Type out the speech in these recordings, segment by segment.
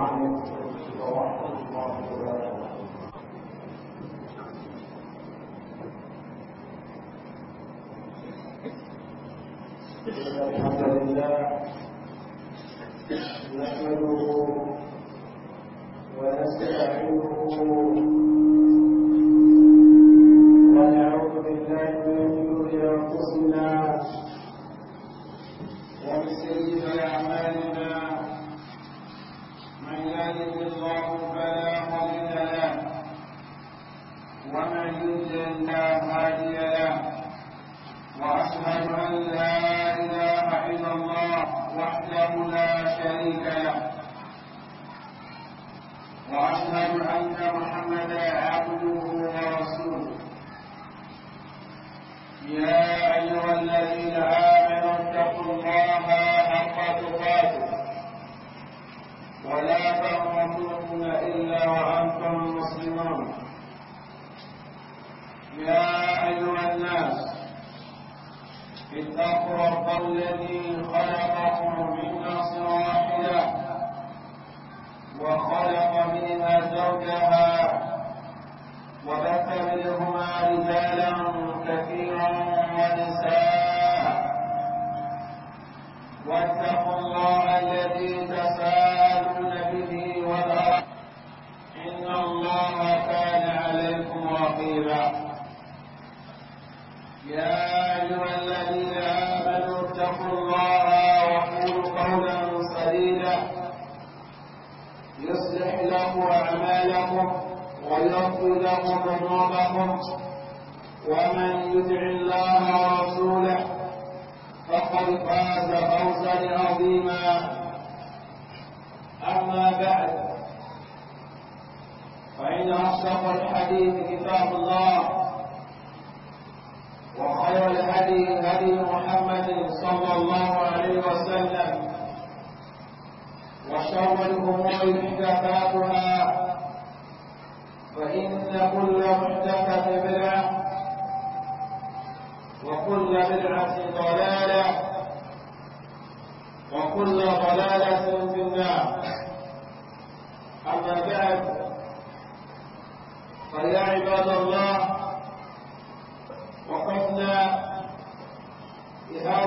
عليكم ورحمة الحمد لله نحمده ونستعينه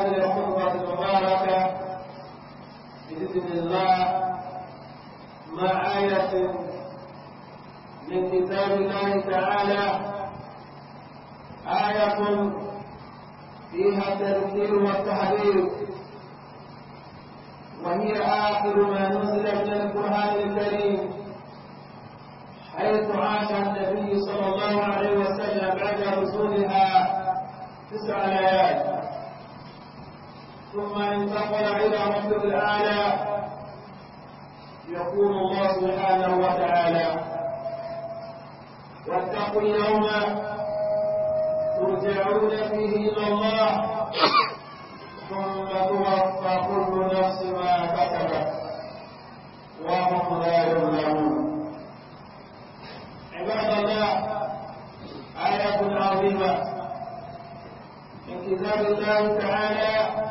هذه الخطوة المباركة بإذن الله مع آية من كتاب الله تعالى آية فيها التذكير والتحذير وهي آخر ما نزل من القرآن الكريم حيث عاش النبي صلى الله عليه وسلم بعد نزولها تسع ليال ثم انتقل إلى ربه الأعلى يقول الله سبحانه وتعالى واتقوا اليوم ترجعون فيه إلى الله ثم توفى كل نفس ما كسبت وهم لا يظلمون عباد الله آية عظيمة من كتاب الله تعالى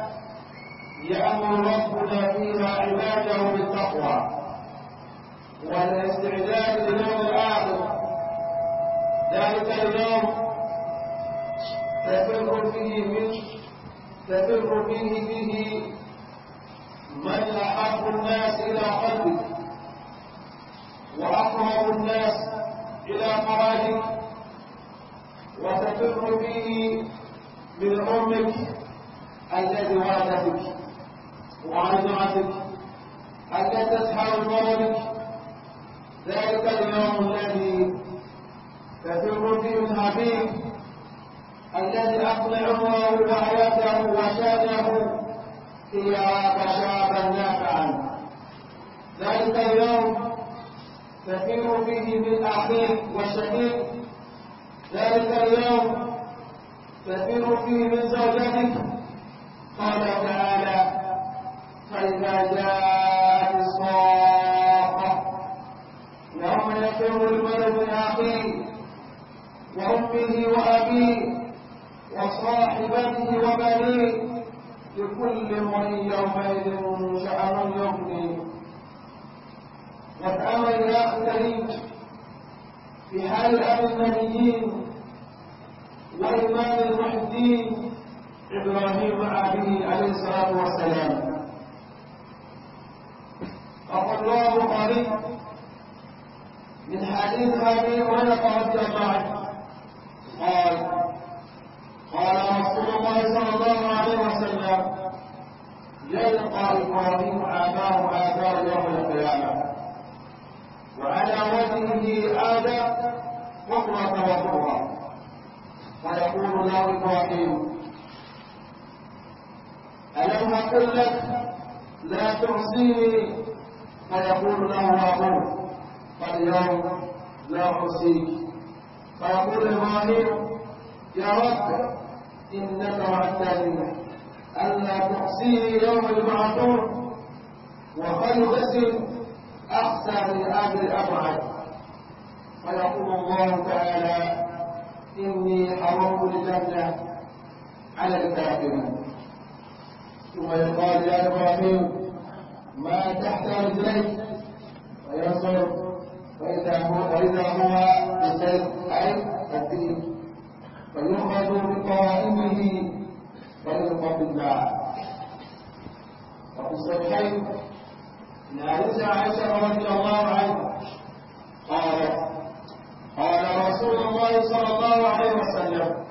يأمر ربنا فيما عباده بالتقوى والاستعداد لليوم الآخر ذلك اليوم تفر فيه من تفر فيه فيه من أحب الناس إلى قلبك وأقرب الناس إلى قرارك وتفر فيه من أمك الذي ولدتك وعن جمعتك حتى تسحر بولك ذلك اليوم الذي تفر فيه من عبيد الذي اقنع الله دعوته وشانه ثياب شابا نافعا ذلك اليوم تفر فيه من أعبيد والشهيد ذلك اليوم تفر فيه من زوجتك قال تعالى فإذا جاء الصاخة يوم يفر الولد لأخيه أخيه وأمه وأبيه وصاحبته وبنيه لكل امرئ يومئذ شأن يغنيه والأمل يختلف في حال أبي النبيين وإمام المحدين إبراهيم أبيه عليه الصلاة والسلام أخرجاه البخاري من حديث أبي هريرة رضي الله عنه قال قال رسول الله صلى الله عليه وسلم يلقى إبراهيم أباه اباه يوم القيامة وعلى وجهه آدى فقرة وفرة فيقول له إبراهيم ألم أقل لك لا تحصيني فيقول له أبوه فاليوم لا أحصيك فيقول إبراهيم يا رب إنك وعدتني ألا تحصيني يوم يبعثون وخير اسم أحسن من أجل أبعد فيقول الله تعالى إني حرمت الجنة على الكافرين ثم يقال يا إبراهيم ما تحت رجليه فيصر وإذا هو وإذا هو بسيف أي الدين فيؤخذ بقوائمه فيلقى بالله وفي الصحيحين إن عائشة عائشة رضي الله عنها قالت قال رسول الله صلى الله عليه وسلم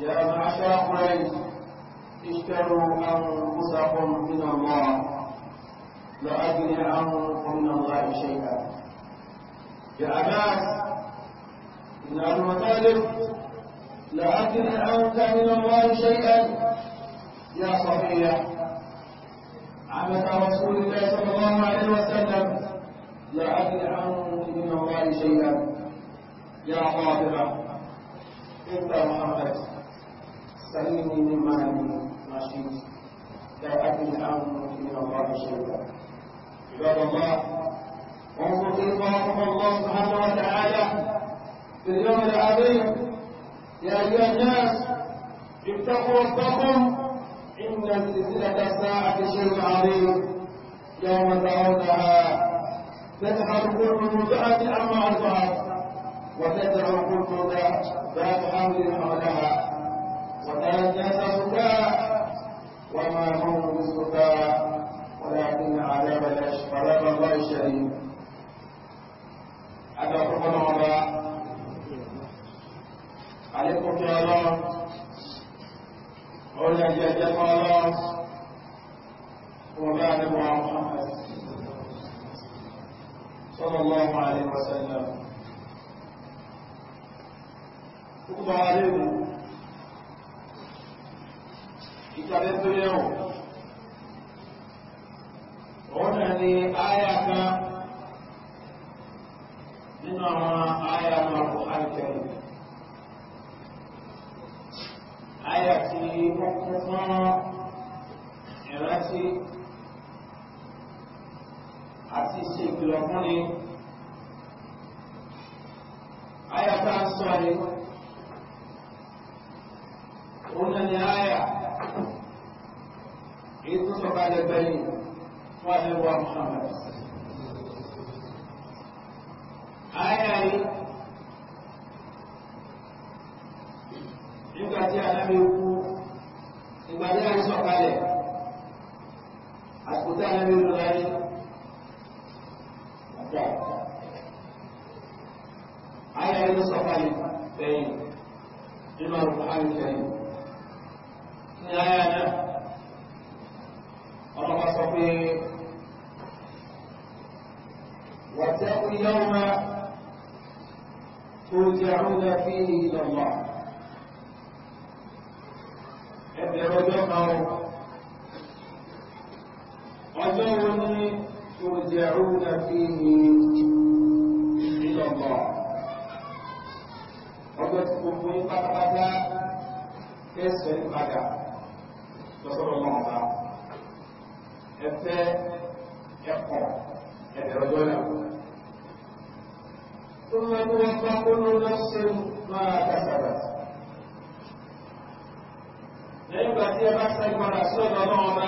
يا معشر قريش اشتروا أنفسكم من الله لا أدري عنه من الله شيئا يا عباس بن أبي مطالب لا أدري عنك من الله شيئا يا صفية عمة رسول الله صلى الله عليه وسلم لا أدري عنك من الله شيئا يا فاطمة انت محمد سلمني من مالي ما شئت لا أدري عنك من الله شيئا عباد الله انظر كيف رحم الله سبحانه وتعالى في اليوم العظيم يا ايها الناس اتقوا ربكم ان سلسله الساعه شيء عظيم يوم ترونها تذهب كل مرضعه عما ارضعت وتدعو كل ذات حمل حولها وترى الناس سكارى وما هم بسكارى ولكن عذاب عذاب الله شديد أدعوكم الله عليكم يا الله أولا جل الله وبعد محمد صلى الله عليه وسلم Gbogbo ààrẹ ìwò, ìtàlẹ́ tó náà ni àyà kan nínú àwọn àyà mako alkẹ́rù àyà tí wọ́n kún fún ìrántí àti ṣe ìkìlọ̀ fún ni àyà sọ ni òun náà ni àyà èyí tó sọ kalẹ̀ fún àdébọ̀ Muhammad. Àyà yìí nígbà tí àdámi kú ìgbà tí a ń sọ̀kalẹ̀ àsìkò tí àdámi lọ láyé àgbà. Àyà yìí sọ̀kalẹ̀ lẹ́yìn nínú àrùn àìkẹyìn. Ní àyà náà, ọlọ́pàá sọ pé واتقوا يوم ترجعون فيه إلى الله ẹbẹ̀rẹ̀ ọjọ́ kan ọjọ́ wo ní ترجعون فيه إلى الله ọjọ́ tí gbogbo yín pátápátá ẹsẹ̀ ń padà náà bá ẹfẹ́ ẹkọ̀ọ́ ẹ̀bẹ̀rẹ̀ ọjọ́ ìyàwó tó ń lọ́wọ́ ẹgbẹ́ kóló lọ́sẹ̀ máa dásàdà lẹ́yìn ìgbà tí ẹ bá sá ìpadà sí ọ̀dọ̀ náà bá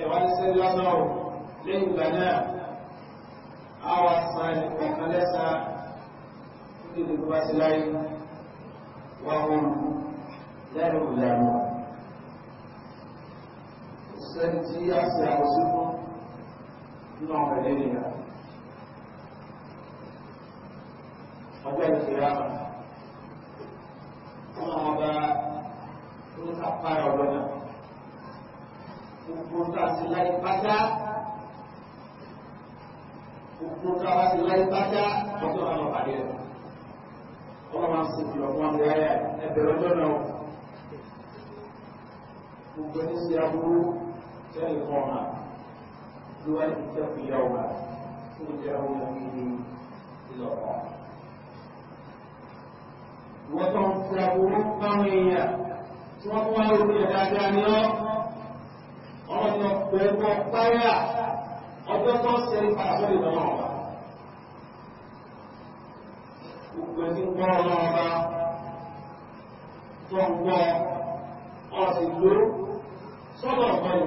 ẹ̀wà iṣẹ́ lọ́dọ̀ lẹ́yìn ìgbà náà a wà sàn ẹ̀kọ̀ọ̀kan lẹ́sà ní ìlú bá sí láyé wà wọn lẹ́rù ìlànà ìṣẹ́ tí a ṣe àwòsí fún nínú àwọn ẹ̀dẹ́ nìyà ọjọ́ ìṣẹ́yà wọn àwọn ọba tó ń sàpárà ọ̀rọ̀ náà gbogbo tá a ti láyé pátá gbogbo tá a ti láyé pátá ọjọ́ àwọn ọ̀pàdé rẹ̀ سوى الكتاب يوما ترجعون فيه الى الله وتنصرون قويا وقالوا في الاجانب ọ̀nà pẹ̀lú páyà ọjọ́ tó ṣe pàṣẹ ìdánwò ọba gbogbo ẹni gbọ́ ọ̀nà ọba tó ń gbọ́ ọ̀sìn ló sọ́dọ̀ ọ̀gbọ́n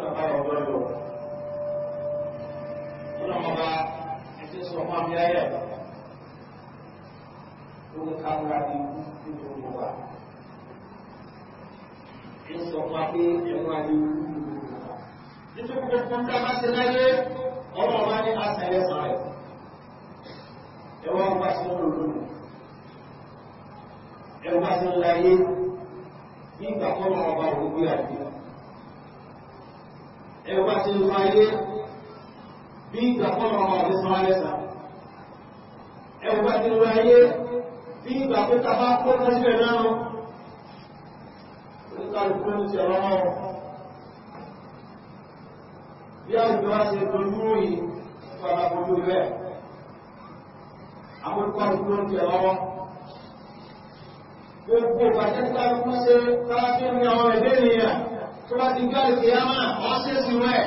ọlọ́run bá wọ́n gbọ́dọ̀ ọlọ́run ọba ẹtí ń sọ̀rọ̀ fún àmì ayẹ̀ lórí kámúra bí ikú tó ń wà ń sọ fún apé ẹ̀wọ̀n àdé ikú tó ń wà nítorí gbogbo ń dábàá sí láyé ọlọ́run bá ní àṣà ẹ̀ sàn ọba sí olóòlù ẹ̀wọ̀n ẹ̀rọ bá ti ń fa ayé bí ìgbà fọ́nà ọmọ àti san ayé sàn ẹ̀rọ bá ti ń fa ayé bí ìgbà pé ta bá kó lọ sílẹ̀ náà nípa ìpín ti ọ̀rọ̀ náà bí àjọ wá ṣe dojú yìí padà bojú rẹ̀ àwọn ìpín ìpín ti ọ̀rọ̀ wọn gbogbo ìgbà tẹ́ta ń kú ṣe káàkiri àwọn ẹ̀dẹ́ nìyà tó bá ti gbá ìpè yá máa wọ́n ṣe sí rẹ̀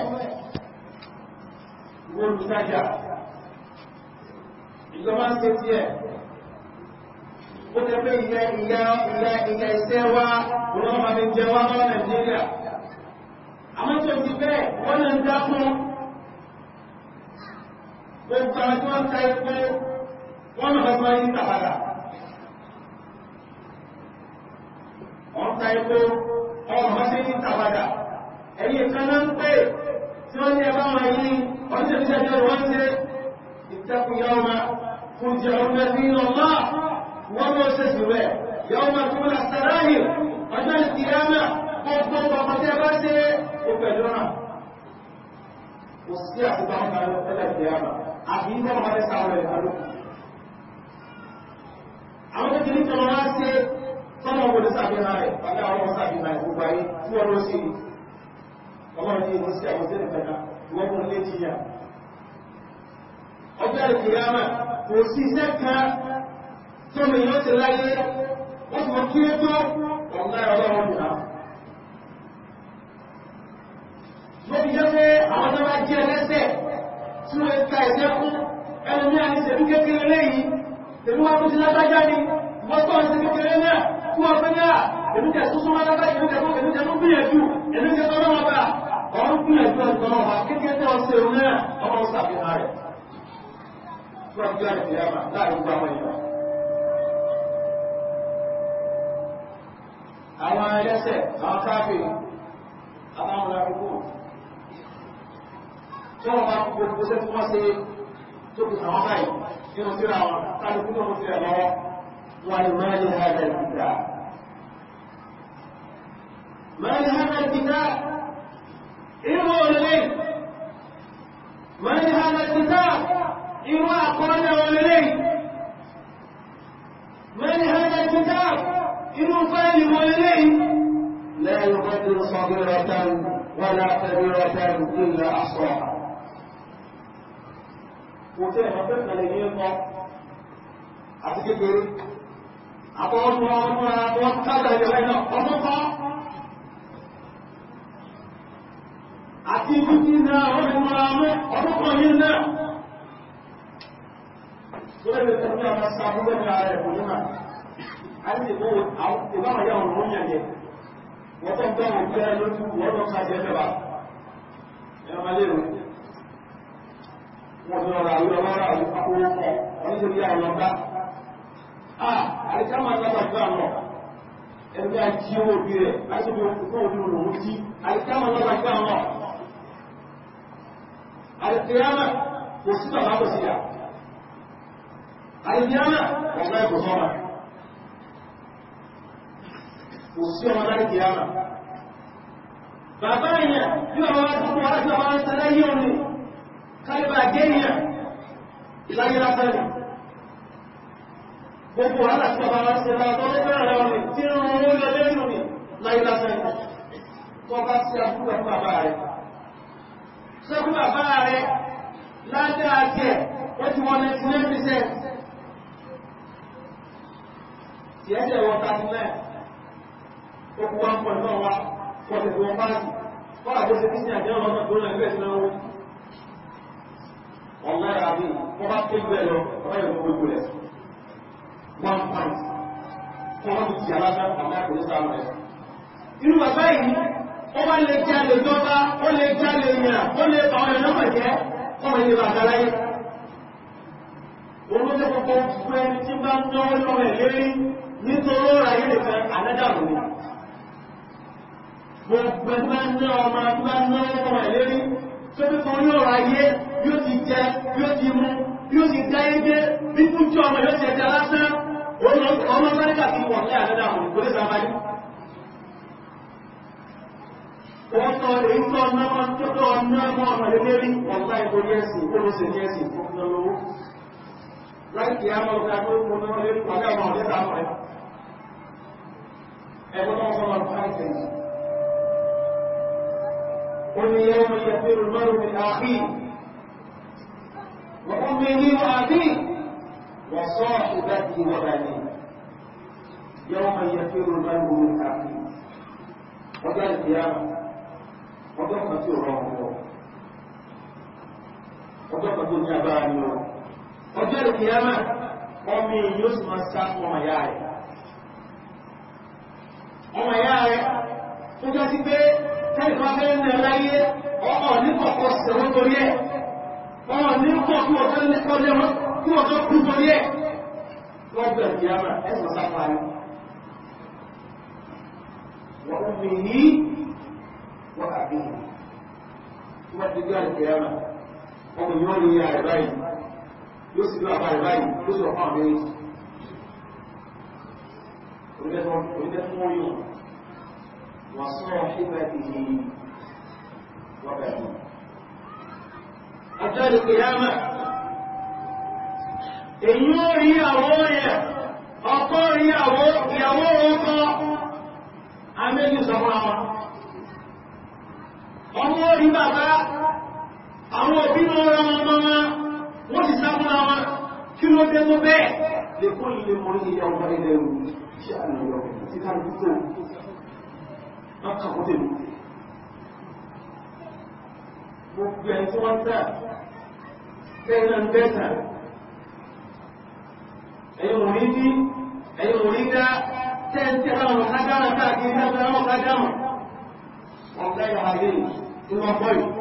ìwé olùtajà ìjọba ń ṣe sí ẹ̀ ó jẹ́ pé ilẹ̀ ilẹ̀ ilẹ̀ ilẹ̀ iṣẹ́ wa wọ́n máa fi jẹ wá lọ́wọ́ Nàìjíríà àmọ́ tó ti bẹ́ẹ̀ wọ́n lè ń dákún gbogbo àwọn tí wọ́n ta epo wọ́n lọ fẹ́ máa ń tàbàdà wọ́n ta epo ọmọ ṣe ní tàbádà ẹ̀yìn kaná ń pè tí wọ́n ní ẹbá wọn yìí ọdúnṣẹ́bíṣẹ́bíṣẹ́ wọ́n ṣe ìtẹ́kùnyà ọmọ fún jẹ́ ọmọ ẹ̀sìn ọlá wọ́n mọ́ ṣe sí rẹ̀ yọ ọmọ kúmọ̀lá sàráyì ọjọ́ ìsìyámà ọgbọ́ ọmọ tẹ́ bá ṣe ó pẹ̀lú náà kò sí àtúntà ọmọ ẹlẹ́ ìsìyámà àbí ní ọmọ àwọn kékeré tí wọ́n tọ́lọ̀ wo ló sàfihàn rẹ̀ pàdé àwọn ọmọ sàfihàn ìgbogbo ayé tí wọ́n ló sí ni ọlọ́run ní ìmúsí àwọn ìṣẹ́lẹ̀ pẹ̀lá wọ́n mú lé jìyà ọjọ́ ìkìyàmà kò sí iṣẹ́ kan tó mi yóò ti láyé ó sì mọ kí ó tó ọ̀gá ọlọ́run nìyà ló fi jẹ́ pé àwọn tó bá jẹ́ ẹlẹ́sẹ̀ tí wọ́n ka ìṣẹ́kún ẹni ní àìṣẹ́kún kékeré yìí wọ́n tó ń ṣe kékeré náà kú ọ̀fẹ́ náà èmi jẹ́ tó súnmọ́ lábá èmi jẹ́ tó èmi jẹ́ tó gbìyànjú èmi jẹ́ tó náà bá ọ̀rún gbìyànjú ọ̀tọ̀ náà wà kékeré tó ń ṣe òun náà ọmọ ń ṣàfihàn rẹ̀ fún ọjọ́ ìfìyàmà láàrin gbogbo àwọn èèyàn àwọn ẹlẹ́sẹ̀ àwọn káfí àwọn ọmọ arúgbó tí wọ́n bá gbogbo ṣe tí wọ́n ṣe tó kù àwọn báyìí nínú síra wọn tàbí kúrò ní síra lọ́wọ́ والمال هذا الكتاب مال هذا الكتاب ارجعوا اليه مال هذا الكتاب اروا اقوانا واليه مال هذا الكتاب اروا فعل واليه لا يقدر صغيرة ولا كبيرة إلا أحصاها وتعمل لك على يمك àti kékeré àwọn wọ́n tó lè lè ọmọ sábúgbé ní ara ẹ̀kọ́ nígbà àti ìbò ìbáwọn yà ọ̀rọ̀ wọ́n tó ń rọra àìkámà ẹgbẹ́ àti owó bí rẹ̀ láti bí ọkùnkùn òun lòun tí àìkámà lábàtà náà àìkìyàmà kò sí bàbá kò sí yà àìkìyàmà ọ̀gá ẹ̀kọ́ sọ́mà kò sí ọmọ láìkìyàmà bàbá èèyàn bí ọmọ gbogbo aláṣẹ́bà aláṣẹ́bà tó ń bẹ̀rẹ̀ ọ̀rẹ́ tí ń rún oúnjẹ lẹ́nu ni láìláṣẹ́ tó bá sí àkúrẹ̀ fún bàbá rẹ̀ ṣẹ́kún bàbá rẹ̀ lájá àjẹ́ ó ti wọ́n 99% tí ẹ́ jẹ́ wọ́n 39 ó kú 1.1 wá pọ̀lẹ̀ wọn báyìí wọ́n àgbó ṣe kíṣẹ́ àjẹ́ ọmọ ọmọdún ẹgbẹ́ ìsinmi owó ọ̀lá ìràbí wọ́n bá tó ìgbẹ́ lọ ọ̀rẹ́ ìwọ̀n gbogbo rẹ̀ one point wọ́n ti ti aláṣà àmọ́ kò ní sáwọn ẹ̀ irú bàbá yìí ó wá lè jalè dọ́gba ó lè jalè yàn ó lè bá ọ̀rẹ́ náà jẹ́ ọmọ ilé bàtà láyé olóòjẹ́ kọ́kọ́ fún ẹni tí bá ń náwó lọ́wọ́ ẹ̀ lérí nítorí ó ráyé lè fẹ́ àdádàrú ni gbogbo ẹgbẹ́ ń ná ọmọ ẹgbẹ́ ń náwó lọ́wọ́ ẹ̀ lérí tó bí kan yóò ráyé yóò ti jẹ yóò ti mú yóò ti dá ẹgbẹ́ bí fún ọmọ amẹ́ríkà ti wọ̀ ní àdádá àwọn ìgbóni sábáyé wọ́n sọ èyí tó ọ̀nàmọ́ tó tó ọ̀nàmọ́ ọ̀mọ̀lélẹ́rí ọ̀pá ìgbóni ẹ̀sìn olóṣè ní ẹ̀sìn fún ọlọ́wọ́ láì kí á mọ̀ ọ̀gá tó mọ̀ náà lé pàdé àwọn ọ̀dẹ́ta rẹ̀ ẹgbẹ́ wọn sọ wọn káàkiri ó ní yẹ́wọ́n mi yẹ pé olùmọ́rùn mi àbí wọ́n mi ní àbí wọ́n sọ ìdájí wọ́n dání يوم يفر المرء من أخيه ọjọ́ ìkìyàmà ọjọ́ kan tí ò rọrùn lọ ọjọ́ kan tó ní agbára ní ọrọ̀ ọjọ́ ìkìyàmà ọmọ èyí ó sì máa sá fún ọmọ ìyá rẹ̀ ọmọ ìyá rẹ̀ tó jẹ́ sí pé tẹ́lẹ̀ tó fẹ́ ní ẹláyé ọmọ oníkọ̀ọ̀kọ̀ sẹ̀wọ́n torí ẹ̀ ọmọ oníkọ̀ọ̀kọ̀ tí wọ́n tó ẹ̀sọ̀ sáfà rẹ̀ وأمه وأبيه ثم تجاه القيامة ومن يوم يا عبادي يسجد أبا عبادي يسجد أبا ويدخل وصاحبته وبنيه أتى القيامة èyí ó rí àwọ́ rẹ̀ ọkọ́ rí àwọ́ ìyàwó ọkọ̀ àmẹ́lì sọmọ́ra ọmọ orí bàbá àwọn òbí lọ́rọ̀ wọn mọ́mọ́ wọ́n ti sámọ́ra kí ló dé mọ́ bẹ́ẹ̀ lè kó lè mọ́ ilẹ̀ ọmọ ilẹ̀ ẹ̀yìn òrí ní ẹ̀yìn òrí dá تنتهى وحجرة تأكيدها وحجرة والله عظيم ثم قل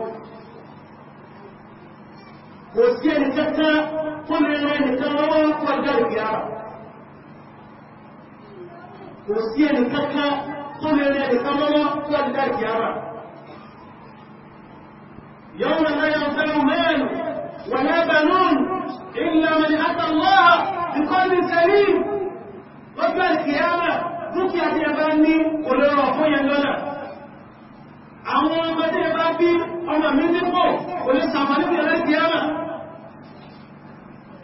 وسكين كتا قل إليه تنوى والجرب يا رب وسكين كتا قل إليه تنوى والجرب يا رب يوم لا ينفع مال ولا بنون إلا من أتى الله بقلب سليم lọ́jọ́ ìkìyàmà dúkìá tí a bá ní olóòrò fún yẹn lọ́nà àwọn ọmọ tí a bá bí ọmọ mi ní pọ̀ olè sàmàlì ní ẹ̀rẹ́ ìkìyàmà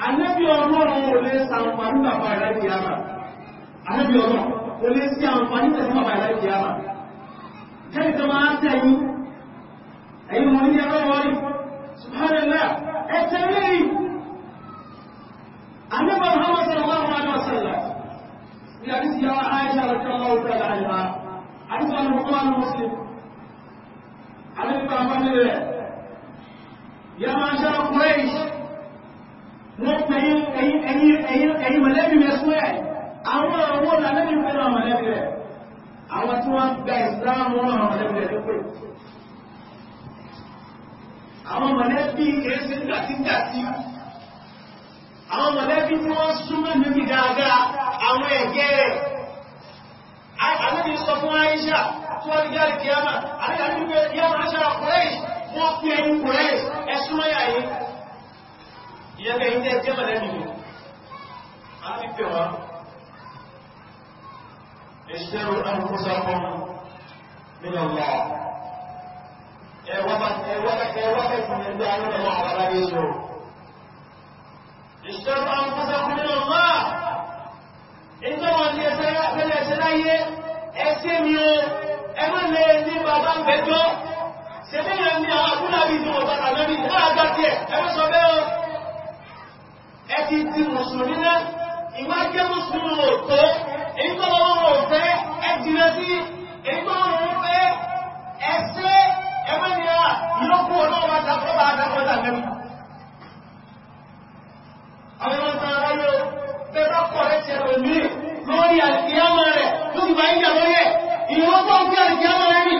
anẹ́bí ọlọ́run olè sàmàlì bàbá ẹ̀rẹ́ ìkìyàmà anẹ́bí ọlọ́run olè sí àǹfààní tẹ̀sí bàbá ẹ̀rẹ́ ìkìyàmà kẹ́yìn tó máa tẹ̀ yín ẹ̀yìn mọ̀ ní ẹ̀rọ wọlé subhanallah ẹ̀tẹ̀ lẹ́yìn anẹ́bí ọlọ́run sallallahu alaihi wasallam في حديث يا عائشة رضي الله تعالى عنها حديث عن البخاري ومسلم عن ابن يا معشر قريش مطمئن أي أي أي أي ملابي يسوع àwọn àwọn ọ̀làlẹ́bí fẹ́ràn àwọn mọ̀lẹ́bí rẹ̀ àwọn tí wọ́n gba ìsìláàmù wọn àwọn mọ̀lẹ́bí rẹ̀ lókè àwọn mọ̀lẹ́bí kìí ṣe gbàtígbàtí àwọn mọ̀lẹ́bí tí wọ́n súnmọ́ níbi dáadáa àwọn ẹ̀gẹ́ rẹ̀ alẹ́bí sọ fún Aisha tí wọ́n rí jáde kíyàmà alẹ́bí pé yàmà aṣára kùrẹ́ṣ wọ́n pín ẹni kùrẹ́ṣ ẹsúnmọ́ yàyí ìyẹ́gẹ́ ilẹ̀ jẹ́ mọ̀lẹ́bí mi alẹ́bí wọn ìṣẹ́rù ẹnukúsọ́kún nínú ọ̀la ẹwọ́fẹ́ fún ẹgbẹ́ alẹ́bí wọn اشتروا أنفسكم من الله إنما أن يسلايé ẹsẹ́ mi o ẹgbẹ́ lè ní bàbá ń bẹjọ́ ṣe fẹ́ yẹn ní àwọn akúnàbí tí wọ́n bàtà lórí láàgbà tí ẹ̀ ẹgbẹ́ sọ bẹ́ o ẹ ti ti mùsùlùmí náà ìwá jẹ́ mùsùlùmí ò tó èyí tó wọ́n wọ́n àwọn ọmọ ara yóò bẹ́rọ pọ̀ ẹ̀ṣẹ̀ rẹ̀ ní lórí àìkíyàmọ̀ rẹ̀ tó ti máa ń jà lórí ẹ̀ ìwọ́pọ̀ ń fi àìkíyàmọ̀ rẹ̀ rí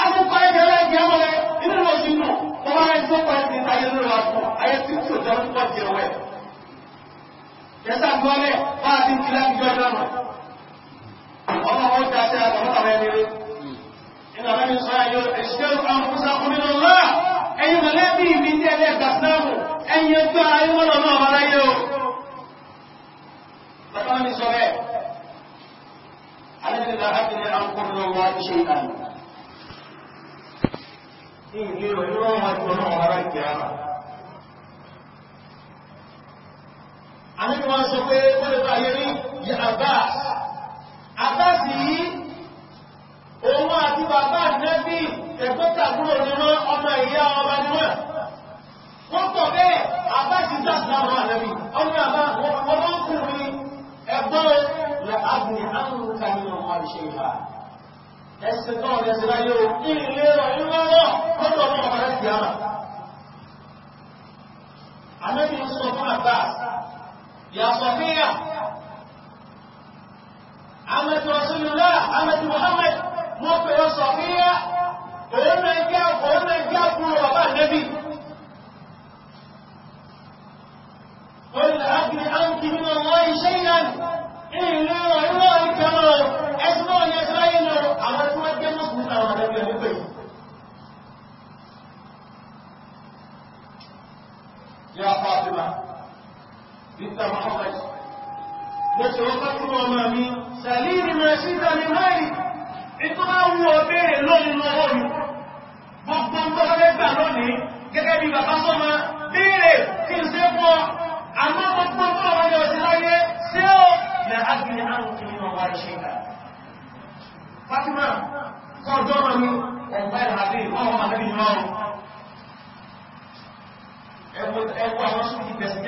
akópa ẹgbẹ̀rẹ̀ àìkíyàmọ̀ rẹ̀ nínú lọ sí inú wọ́n máa ń tó pọ̀ ẹ̀sìn ayé lórí ọkùn ayé tí tí ò jẹ́ púpọ̀ jẹ́ wẹ̀ kẹsà gbọ́lẹ̀ bá a ti tilẹ̀ ìjọ ìdáná ọmọ wọn ti àṣẹ àgbàmọ́ àwọn ẹni rí ìlànà ìṣọ́ ayọ̀ ìṣẹ́ àwọn fúnṣà kúrò lọ́wọ́ ẹ̀yìn ìbí tẹ́lẹ̀ gbàsínáàmù ẹ̀yìn ẹgbẹ́ ayé mọ́lọ̀ náà bá láyé o bàbá mi sọ bẹ́ẹ̀ alẹ́gbẹ̀dá àtìlẹ́ àkọ́rọ̀ wá iṣẹ́ ìdáyìn ìlú ìrọ̀lọ́wọ́ wọn tó náà wọ́n rá ìgbẹ̀ àmà àníkùnwọ́n sọ pé wọ́n lè bá yẹrí yà Abbas Abbas yìí òun àti wọ́n pọ̀ bẹ́ẹ̀ àbáṣíṣà láwọn àrẹ́bí ọmọ àbá wọ́n ń kú ní ẹgbọ́n lẹ agbìn àmúrúkà nínú ọmọ ìṣẹ́ ìfà ẹsẹ̀ tọ́ ẹsẹ̀ láyé o ilé rọ̀ ìrọ̀rọ̀ ọ̀dọ̀ ọmọ ọ̀rẹ́ ti àmà àmẹ́bí sọ fún àbá yàsọ̀ fíyà àmẹ́tí ọ̀sìnlá òun náà jẹ́ ọkùnrin nẹ́bí قل أبن أنت من الله شيئا إلا إلا الكبر أسمع يا إسرائيل على سمك المسلمة وعلى النبي يا فاطمة بنت محمد وسوقت أمامي سليم ما شئت من غيرك ìtọ́lá wọ bẹ́ẹ̀ lọ́nà lọ́wọ́ mi gbogbo ń tọ́lá lẹ́gbà lónìí gẹ́gẹ́ bí bàbá sọ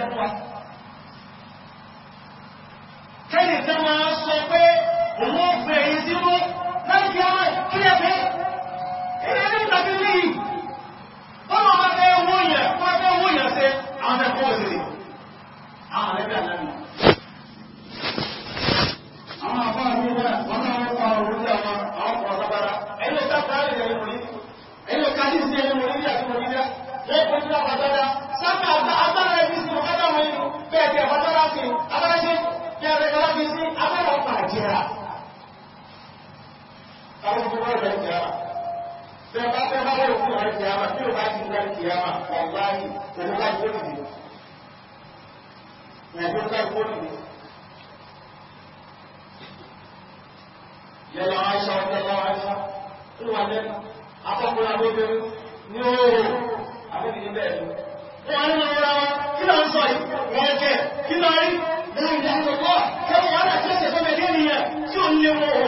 Otherwise yeah.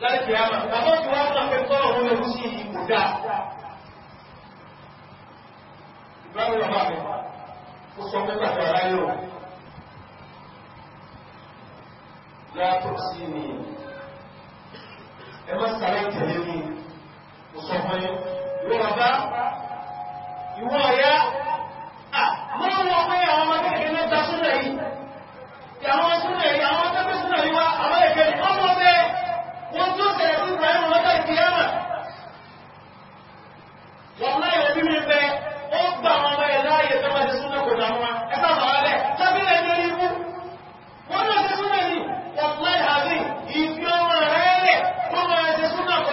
láti fi àmà bàbá tí wọ́n náà fẹ́ tọ́rọ wọn lórí sí ipò dáa ìbáwọ̀ bàbá mi ó sọ pé pàtó ara yóò látò sí mi ẹ má sáré tẹ̀lé mi ó sọ fún yín ìwọ bàbá ìwọ ọ̀yá àmọ́ wọn pé àwọn ọmọdé àwọn súnà yìí àwọn yìí wá àwọn èkèrè wọ́n láyé òbí mi bẹ ó gbà wọn ọmọ ẹ̀ láàyè tó máa ṣe súnmọ́ kò dàmú wa ẹ bá bàbá bẹ tàbí ẹ jẹ́ ní ikú wọ́n náà ṣe súnmọ́ ní wọ́n láyé àbí ìfi ọmọ rẹ̀ rẹ̀ tó máa ṣe súnmọ́ kò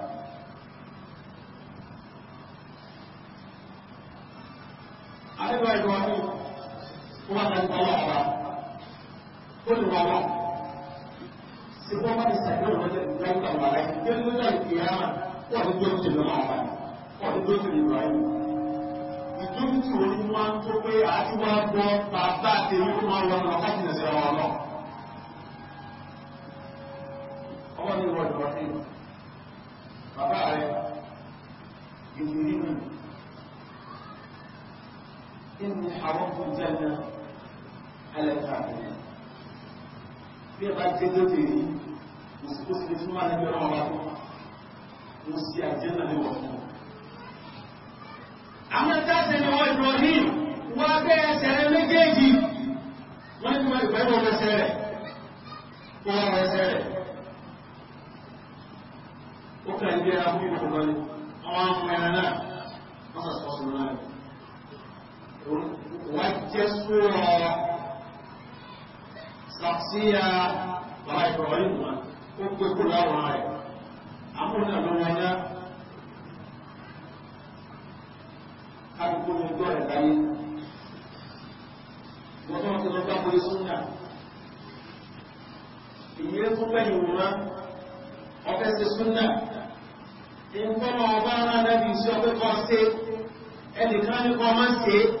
àdébà ìwà wọ́n máa sí bàbá rẹ̀ ìwúrí náà إني حرمت الجنة على الكافرين bí ẹ bá jẹ́ lóde rí ó sì lè fún máa níbi ọ̀rọ̀ ọ̀rọ̀ mo sì àjẹ́nà lè wọ̀ fún àwọn ìtàṣẹ́ ni wọ́n ìrọ̀ ní wọ́n abẹ́ ẹsẹ̀ rẹ méjèèjì wọ́n ní wọ́n ìgbẹ́rọ ẹsẹ̀ rẹ̀ kó wọ́n ẹsẹ̀ rẹ̀ ó kàn ń gbé ara fún ìrọ̀lẹ́ àwọn ọmọ ẹran náà wọ́n sàṣọ́ sí náà wacce sura saksiya bara ibrahim wa ó pé kó láwọn rẹ̀ amúnà ló wọn yá alùpùpù gbọ́ rẹ̀ láyé wọ́n tó ń tẹ̀lé bá wọlé súnà ìyẹn tó fẹ́yìn wọn ọ̀fẹ́ ṣe súnà ìfọ́nà ọba ara rẹ̀ bí iṣẹ́ ọgbẹ́kọ̀ ṣe ẹnìkan ní máa ṣe é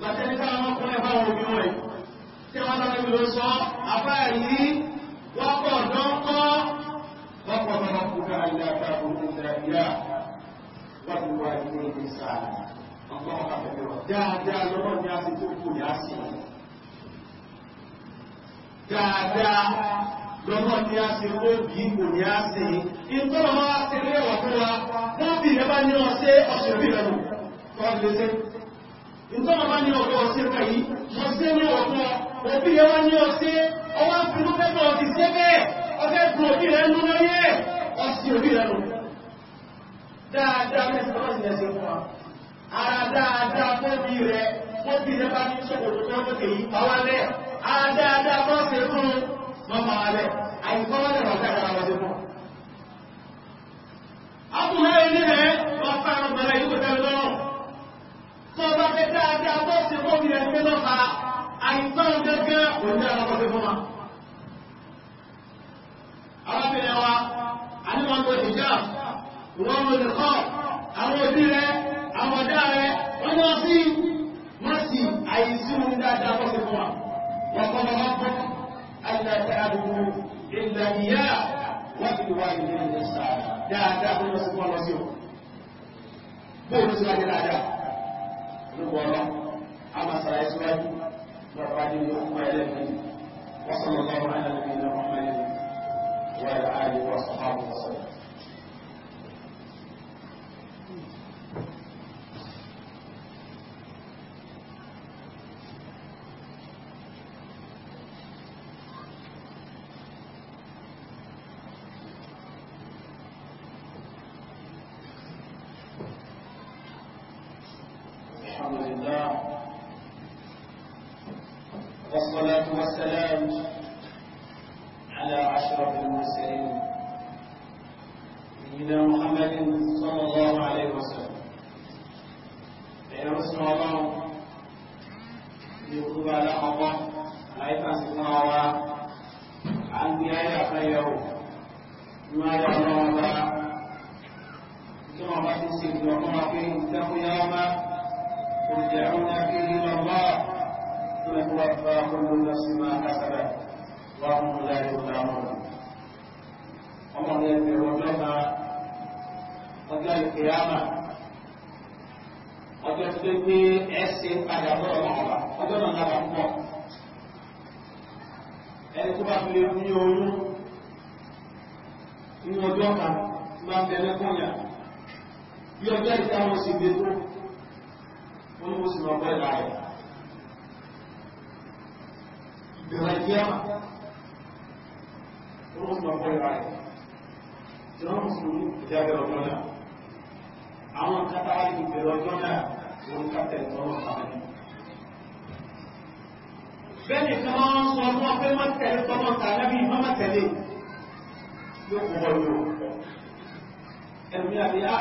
Gbàtẹ́ni ká àwọn ọkùnrin bá wọn òbí wọn yìí. Tí wọ́n lọ́nà ìlú sọ, àbá yìí wọ́n pọ̀ dọ́kọ́. Wọ́n pọ̀ dọ́kọ́ kú ká ilé àtàkù ní Nàìjíríà. Wọ́n ti wá ilé ìdí sáà. Ọ̀pọ̀ ọ̀pọ̀ àfẹ́fẹ́ rọ̀. Dáadáa lọ́wọ́ ni ni a ṣe ó bí kò ní wa wọ́n bí ìrẹ́bá ní ọ̀ṣẹ́ ọ̀ṣẹ́ orí rẹ̀ lò tọ́lọ́gbẹ́sẹ́ ìtọ́nà bá ní ọ̀pọ̀ ọ̀sẹ̀ pẹ̀lú mọ́ sí ní ọ̀pọ̀ òbí rẹ̀ wá ní ọ̀sẹ̀ ọwá fúnú pẹ́pọ̀ ọ̀fì sí ẹgbẹ́ ọfẹ́ fún òbí rẹ̀ ń lórí ẹ̀ ọ̀sì òbí rẹ̀ nù dáadáa mẹ́sàn-án ọ̀sìn ẹ̀sẹ̀ fún wa ara dáadáa fọ́bí rẹ̀ fọ́bí rẹ̀ bá ní ṣòkòtò tó lókè yìí pàwá lẹ̀ ara dáadáa bọ́ sí fún wọn pàwá lẹ̀ àìkọ́wọ́lẹ̀ wà dáadáa wà kò tẹ́lẹ̀ tó bá fẹ́ dáadáa bọ́ sí omi rẹ̀ pé lọ́pa àìsàn gẹ́gẹ́ òní àwọn ọmọdé fún wa. arábìnrin wa àníwọ̀n tó ṣìjá wọ́n mú nìkọ́ àwọn òbí rẹ̀ àwọn ọ̀dá rẹ̀ wọ́n mọ́ sí mọ́ sí àìsàn dáadáa bọ́ sí fún wa. wọ́n kọ́ mọ́ fún àìsàn bóòlù sí wájú dáadáa. وبرا أما صلى الله عليه وسلم وصلى الله على نبينا محمد وعلى آله وصحبه وسلم bẹ́ẹ̀ láàyè ìgbìmọ̀ ìgbìmọ̀ orúkọ bẹ́ẹ̀ láàyè tí wọ́n mú sùúrù ìjábẹ̀ ọjọ́ náà àwọn kátà ìbẹ̀rẹ̀ ọjọ́ náà wọ́n kátà ìtọ́wọ́ sàmì bẹ́ẹ̀ni tí wọ́n ń sọ fún ọpẹ́ má tẹ̀lé tọ́mọ bí má má yóò kọ́ yóò ẹ̀mí àbíyá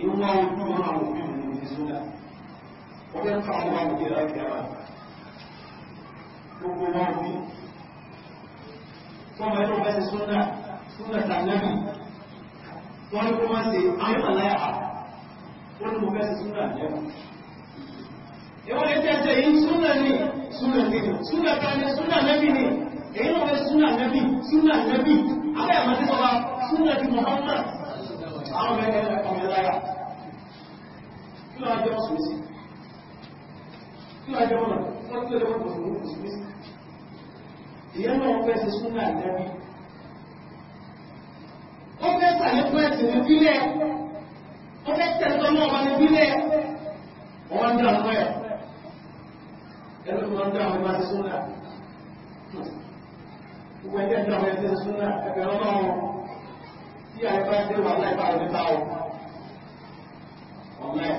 ìwọ̀n ojú wọn àwọn òbí mi ní sódà wọ́n fẹ́ ká àwọn àmì ìlà ìyára gbogbo wọn bí tó máa ń lọ́wọ́ ẹsẹ̀ súnà súnà tàbí wọ́n ní kó máa ṣe àwọn àláyà ó ní mo fẹ́ ṣe súnà lẹ́nu ìwọ́n lè tẹ́sẹ̀ yìí súnà ní súnà kéde súnà tàbí súnà lẹ́bí ni èyí wọ́n fẹ́ súnà lẹ́bí súnà lẹ́bí alẹ́ àmọ́tí sọ́ra súnà ti Muhammad àwọn ọmọ ẹgbẹ́ ọmọ ẹláyà kí lọ́wọ́ jẹ́ ọ̀sùn sí tí wọ́n jẹ́ wọn wọ́n tí ó lọ́wọ́ kò fún ìsúnmí ìyẹn náà fẹ́ ṣe súnmọ́ àjẹ́bí ó fẹ́ sàlékún ẹ̀sìn ní bílẹ̀ ó fẹ́ tẹ̀sọ́ náà wà ní bílẹ̀ wọ́n dà mọ́ ẹ̀ ẹ̀rọ tó wọ́n dà mọ́ bá ṣe súnmọ́ gbogbo ẹgbẹ́ dà mọ́ ẹ̀sẹ̀ súnmọ́ ẹgbẹ́ ọlọ́run tí àìbá dé wà láìbá rẹ̀ bá ọ ọ̀lẹ́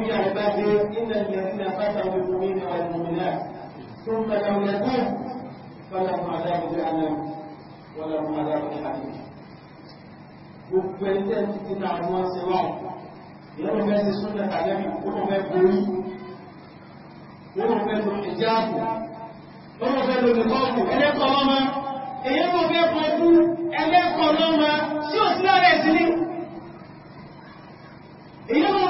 قل يا عبادي إن الذين فتحوا المؤمنين والمؤمنات ثم لم يتوب فلهم عذاب جهنم ولهم عذاب الحديد gbogbo ẹgbẹ́ ti ti ta àwọn ọ̀sẹ̀ wọn ìyẹ́wọ̀n fẹ́ ti súnlẹ̀ tàbí wọ́n fẹ́ borí wọ́n fẹ́ lo ìjáàbù wọ́n fẹ́ lo ìkọ́ọ̀bù ẹlẹ́kọ̀ọ́ ọmọ èyí kò fẹ́ kọjú ẹlẹ́kọ̀ọ́ ọmọ sí òsínlẹ̀ rẹ̀ sí ní èyí kò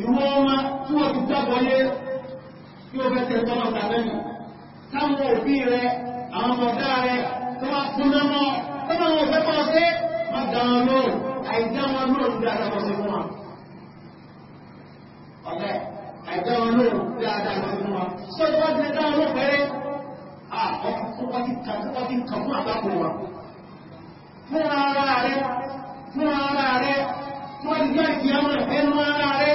ìwọ́n ọmọ tí wọ́n ti gbàgbọ́ yé tí ó fẹ́ tẹ̀ tọ́lọ̀ tàbẹ́nu táwọn òbí rẹ àwọn ọmọdá rẹ tó wá kúnná mọ́ tó bá fẹ́ bọ́ sí má dá wọn lóòrùn àìdá wọn lóòrùn dáadáa sí fún ọ̀lẹ́ àìdá lóòrùn dáadáa bọ́ sí fún wa sọ tí wọ́n ti lóòrùn pẹ́rẹ́ àwọn ti kà fún àbákò wa fún ara rẹ fún ara rẹ fún ìgbà ìgbìyànjú ẹnu ara rẹ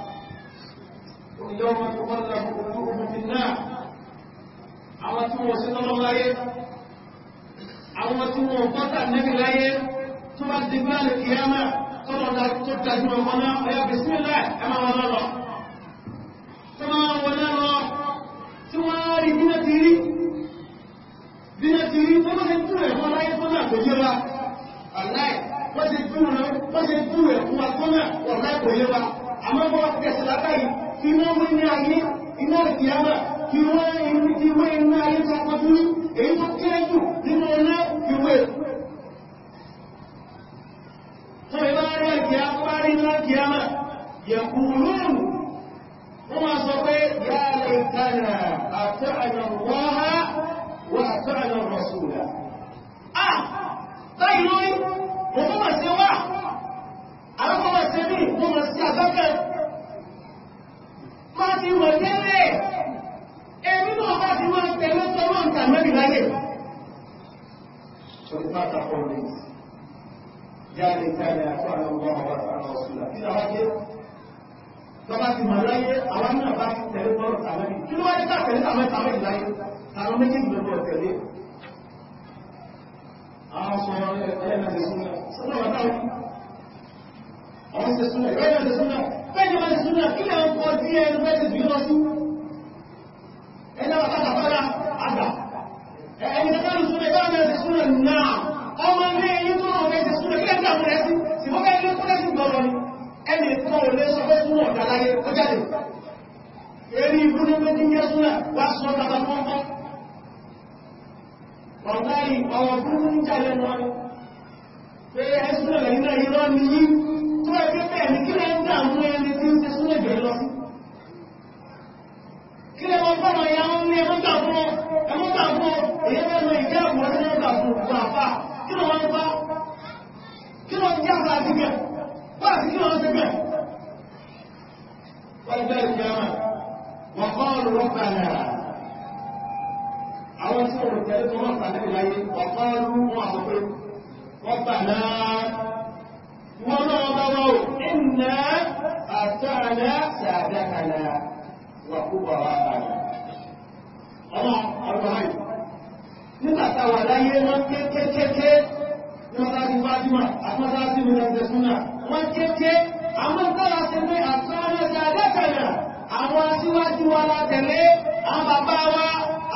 يوم تقلب قلوبهم في النار àwọn tí wọ́n sí lọ́lọ́ láyé àwọn tí wọ́n pátà nẹ́bì láyé tó bá ti gbá lè kìíyàmá tó lọ́dá tó dájú ọmọ náà ọ̀yá bìsílẹ̀ ẹmà wọn lọ́lọ́ tó máa wọn lọ́lọ́ tí wọ́n rí bínà ti rí bínà ti rí tó bá ti tú ẹ̀kọ́ láyé tó náà kò yẹra aláì wọ́n ti tú ẹ̀kọ́ tí wọ́n wé ní ayé iná ìkìyàmà kí wọ́n ní ti wé iná ayé sàkọ́jú èyí tó kéré jù nínú iná ìwé tó ìbá rí ẹ̀kìyà parí ńlá kìyàmà yẹ̀kùrú وقالوا ربنا àwọn tí wọ́n tẹ́lẹ̀ tó wọ́n pàdé ìláyé ọ̀pọ̀lú wọn àpapọ̀ wọ́n pàdá wọ́n náà bá wọ́n iná àtàrà sàdákàlà wà púpọ̀ àpàdà ọmọ ọ̀rọ̀ ayò nígbàtà láyé wọ́n kékékéké àwọn aṣíwájú wa látẹ̀lé àwọn bàbá wa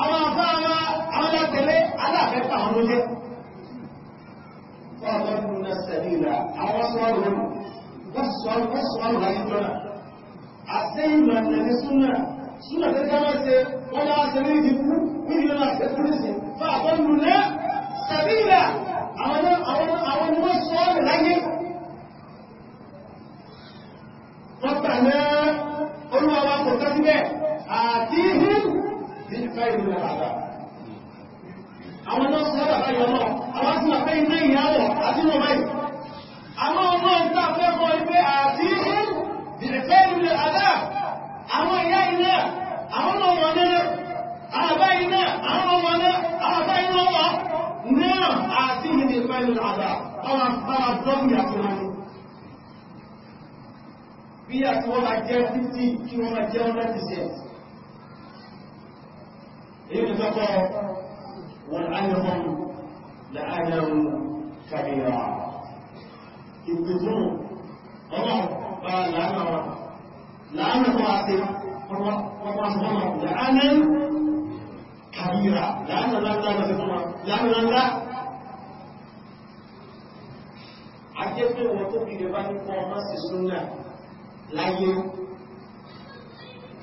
àwọn àfá wa àwọn látẹ̀lé aláàfẹ́fà àwọn jẹ́ fọ́ọ̀lọ́dúnrún sẹ̀lélà àwọn sọ́ọ̀rọ̀ wọ́sọ̀ọ̀rọ̀ ayéjọ́nà àṣẹ́yìnmọ̀ tẹ̀lé súnà súnà tẹ́jọ́ máa ṣe wọ́n máa ṣe ní ìdíkú mílíọ̀nà àṣẹ́kúrẹ́sì fọ́ọ̀lọ́dúnrún sẹ̀lélà àwọn wọ́sọ̀ọ̀rọ̀ láyé wọ́n gbà náà bá wá kò tán bẹ́ àti hìn ní ìfẹ́ ìlú àgbà àwọn náà sọ́dà bá yọ náà àwọn sì máa fẹ́ iná ìyàwó àti ìwọ̀n báyìí àwọn ọmọ ìta fẹ́ kọ́ ìfẹ́ àti hìn ní ìfẹ́ ìlú àgbà àwọn ìyá iná àwọn ọmọ náà àbá iná àwọn ọmọ náà àbá iná wà náà àti hìn bí àti wọ́n máa jẹ́ 50 kí wọ́n máa jẹ́ 100% èyí ni tọ́kọ́ wọn ánìyàn láàárín kàbíyà ìpìtún ọmọ bá láàrín wọn láàrín wọn àti ọmọ ọmọ láàrín kàbíyà láàrín láńlá láàrín láńlá ajẹ́ pé wọn tó kìrì bá ní kọ́ ọmọ sí súnnà láyé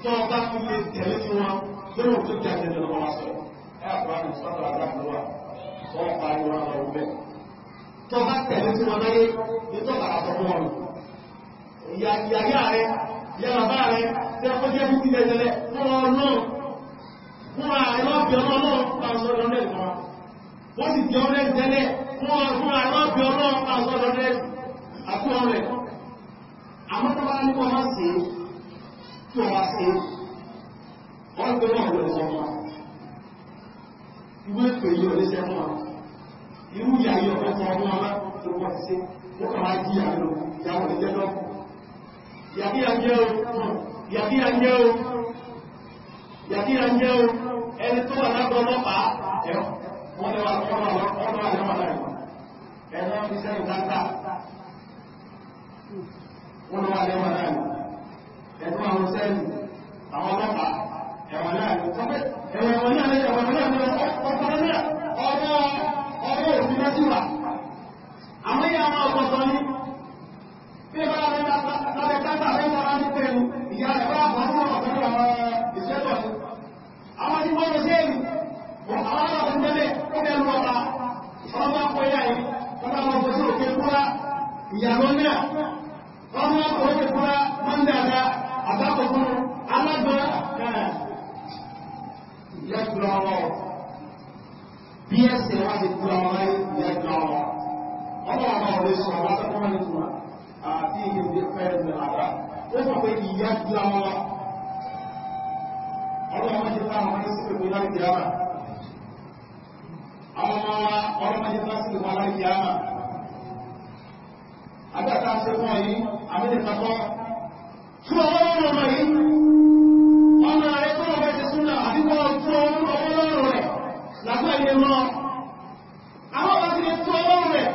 tó ọba fún mi tẹ̀lé tí wọn lórí òkú tí a ti dẹ̀rọ wọn sọ ẹ àpá ní sábà àdáàbòwà wọn pa ní wọn lọ wọlé tó ọba tẹ̀lé tí wọn láyé ní tó bàrà sọ fún wọn yàyà rẹ yàrá bá rẹ tí a kọjá bí tilẹ̀ tẹ̀lẹ̀ fún ọ náà fún àìlọ́ bí ọ náà pa sọ lọ lẹ́nu wọn wọ́n sì di ọ lẹ́nu tẹ́lẹ̀ fún àìlọ́ bí ọ náà pa sọ lọ lẹ́nu ní kọ́ máa ṣe kí wọ́n máa ṣe wọ́n gbé náà wọ́n sọ wọn ìwé ìpè yìí ò lè irú ìyá ọ̀pọ̀ sọ ọdún ọlá tó wọ́n ṣe ó kàn máa jí àlò ìyàwó lè jẹ́ lọ́kùn wọ́n wá lẹ́wọ̀n náà ẹ̀gbọ́n àwọn sẹ́ẹ̀lì àwọn ọlọ́pàá ẹ̀wọ̀n náà ẹ̀wọ̀n náà ẹ̀wọ̀n náà ni ọkọ̀ náà ọwọ́ ọwọ́ òfin náà sí wà àmọ́ ìyá àwọn ọ̀pọ̀tọ̀ ni bí ẹ bá lábẹ́ kápá rẹ̀ wọ́n ní pẹ̀lú ìyá rẹ̀ bá wọ́n mọ̀ pẹ̀lú àwọn ìṣẹ́tọ̀ ni àwọn tí wọ́n lọ sí ẹ̀mí àwọn ọ̀pọ̀ tẹ́lẹ̀ ó bẹ̀ lọ ọ̀la ọmọ akọ ìyá yìí wọ́n bá wọn fọ́ sí òkè kúrá ìyàwó náà wọ́n mọ́ oókè fúra wọ́n dára àbákòókún alágbà náà ìyẹ́kùnlọ ọwọ́ bí ẹsẹ̀ wá ti kúra wáyé ìyẹ́kùnlọ ọwọ́ ọmọ ọmọ ọ̀rẹ́ sọ wá tó kọ́mọ́ nínú àti ìgbè fẹ́ẹ̀rẹ̀ àbá ó mọ̀ pé ìyẹ́kùnlọ ọwọ́ ọlọ́mọ ti bá àwọn ẹ̀sìn pẹ̀lú láti kìlámà àwọn ọmọ wa ọlọ́mọ ti bá sí ìwà láti kìlámà àgbàtà ṣe fún ọyìn àmìlẹ̀ sàkọ́ fún ọlọ́run ọmọ yìí ọmọ rẹ̀ tó lọ bẹ́ẹ̀ súnà àbíkọ́ tó ọlọ́run rẹ̀ lágbà ilé mọ́ àwọn bá ti lè tó ọlọ́run rẹ̀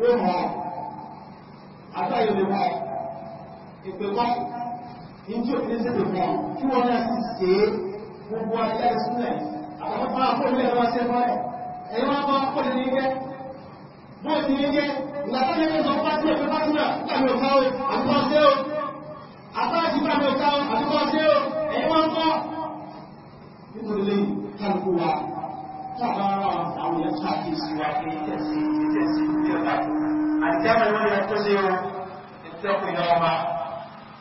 tó mọ́ àtàyè lè mọ́ ìpẹ̀kọ́ ìjú òfin sí lè mọ́ kí wọ́n náà sì ṣe gbogbo ayé súnà àtàwọn bá kọ́lé ẹ̀rọ ṣe mọ́ ẹ̀ ẹ̀rọ bá kọ́lé ní jẹ́ bóòdì ní jẹ́ ìlàtọ́lẹ́gbẹ̀ẹ́ àbí ọ̀ká o àbíkọ́ sí o àtàkì tàbí ọ̀ká o àbíkọ́ sí o ẹ̀yìn wọ́n kọ́ nítorí lẹ́yìn kálukú wa tàbá àwọn èèyàn tó àti ìsìnwá pé ìjẹsí ìjẹsí ìjọba àtìjáwọ̀ ìwọ́n ni ẹ̀kọ́ sí o ìtẹ́kù ìyọ́ọba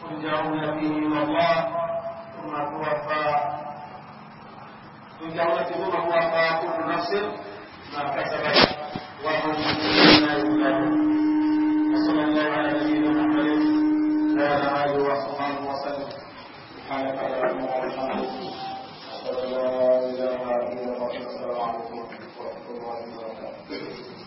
olùjáwọ̀ ìyàbí ìwọ̀lá tó máa kó wá bá olùjáwọ̀ ìyàbí ìwọ̀lá tó máa kó wá bá kó صلى الله على نبينا محمد وعلى اله وصحبه وسلم سبحانك اللهم وبحمدك اشهد ان لا اله الا انت السلام عليكم ورحمه الله وبركاته